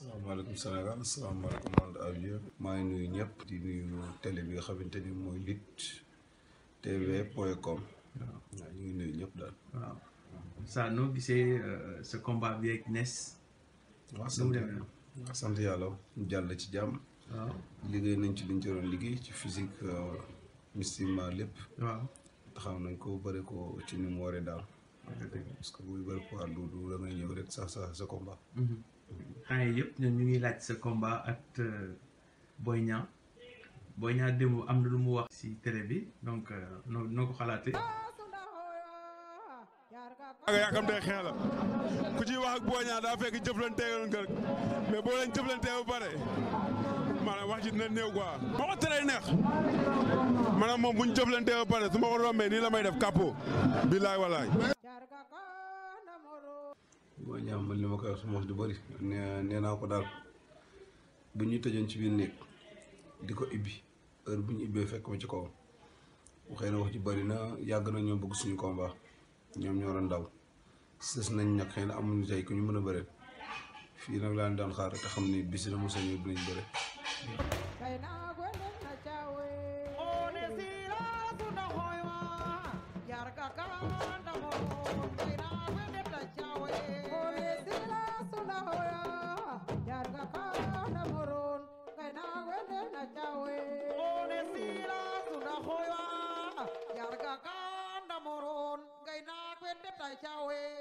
asalaamaaleykum Sénégal asalaamaaleykum monde ab yëpp maa ngi nuyu ñëpp di nuyu télé bi nga xamante ni mooy Lutte TV com waaw ñu ngi nuyu ñëpp daal waaw. saa noo gisee euh, sa combat bi ak Ness. waaw yàlla jàll ci jàmm. waaw liggéey nañ ci liñ ci doon liggéey ci physique euh, mystiquement lépp. waaw taxaw nañ ko bëri ko ci ni mu waree daal. parce que buy bëri ko àll du da ngay ñëw rek sa sa sa combat. Mhm. temps yi ñoom ñu ngi laaj sa combat ak euh, Boy Niang Boy Niang démb am na lu mu wax ci télé bi donc euh, noo noo ko xalaatee. waaw yaakaar naa ku ciy wax ak Boy Niang daa fekk jëflanteeloon nga mais boo leen jëflantee ba pare maanaam wax ji dina néew quoi. ma ko teree neex maanaam moom bu ñu jëflantee ba pare su ma ko rombee nii la may def kàppoo billaay walaay. maa ñaam man li ma koy wax semence wax bëri bari nee naa ko daal bu ñu tëjoon ci biir néeg di ko ibbi heure bu ñu ibbee fekk ma ci kawam waxee na wax ji bari na yàgg na ñoo bëgg suñu combat ñoom ñoo doon daw sës nañ ñàkk xëy na amuñu tey ku ñu mën a bëre fii nag laa daan xaar te xam ni bis na mu sañoon dinañ bëre. caawe